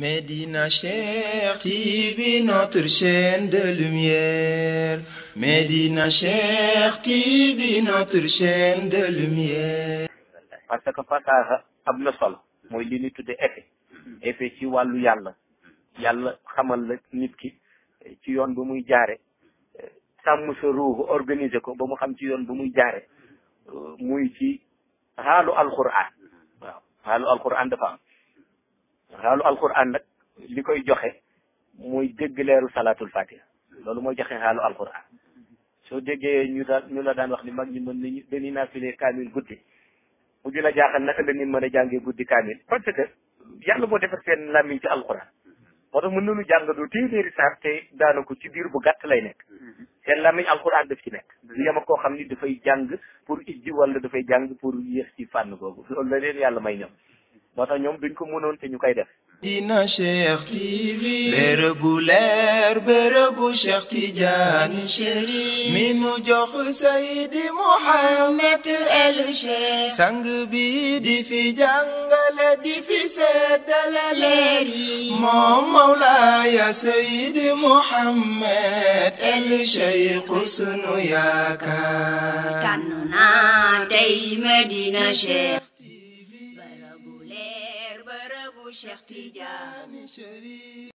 Médina Cheikh TV, notre chaîne de lumière. Médina Cheikh TV, notre chaîne de lumière. parce que passage ab na solo mooy li ñuy tuddee effet effet ci wàllu yàlla yàlla xamal la nit ki ci yoon ba muy jaare sàmm sa ruuxu organiser ko ba mu xam ci yoon ba muy jaare muy ci xaalu alquran waaw xaalu alquran dafa am xaalu alquran nag li koy joxe mooy dégg leeru salaatul fatiha loolu mooy joxe xaalu alquran soo déggee ñu daan ñu la daan wax ni mag ñi mën nañu dañuy naafilee kaamil guddi mu dina jaaxal naka la ñuy mën a jàngee guddi kaamil parce que yàlla moo defar seen làmmiñ ci alquran moo tax mën nañu jàngadoo téeméeri saar te daanako ci biir bu gàtt lay nekk seen làmmiñ alquran daf ci nekk du koo xam ni dafay jàng pour ijji wala dafay jàng pour yéex fànn googu yàlla may ñoom moo tax ñoom duñ ko mënoon te ñu koy def. Medina Cheikh TV bërëbu leer bërëbu Cheikh Tidiane Chérif mi nu jox Seydi Mouhamed El Cheikh sang bi di fi jàngale di fi seddale leer yi moom Mawlaaya Seydi Mouhamed El Cheikh sunu yaakaar tànn Cheikh Tidiane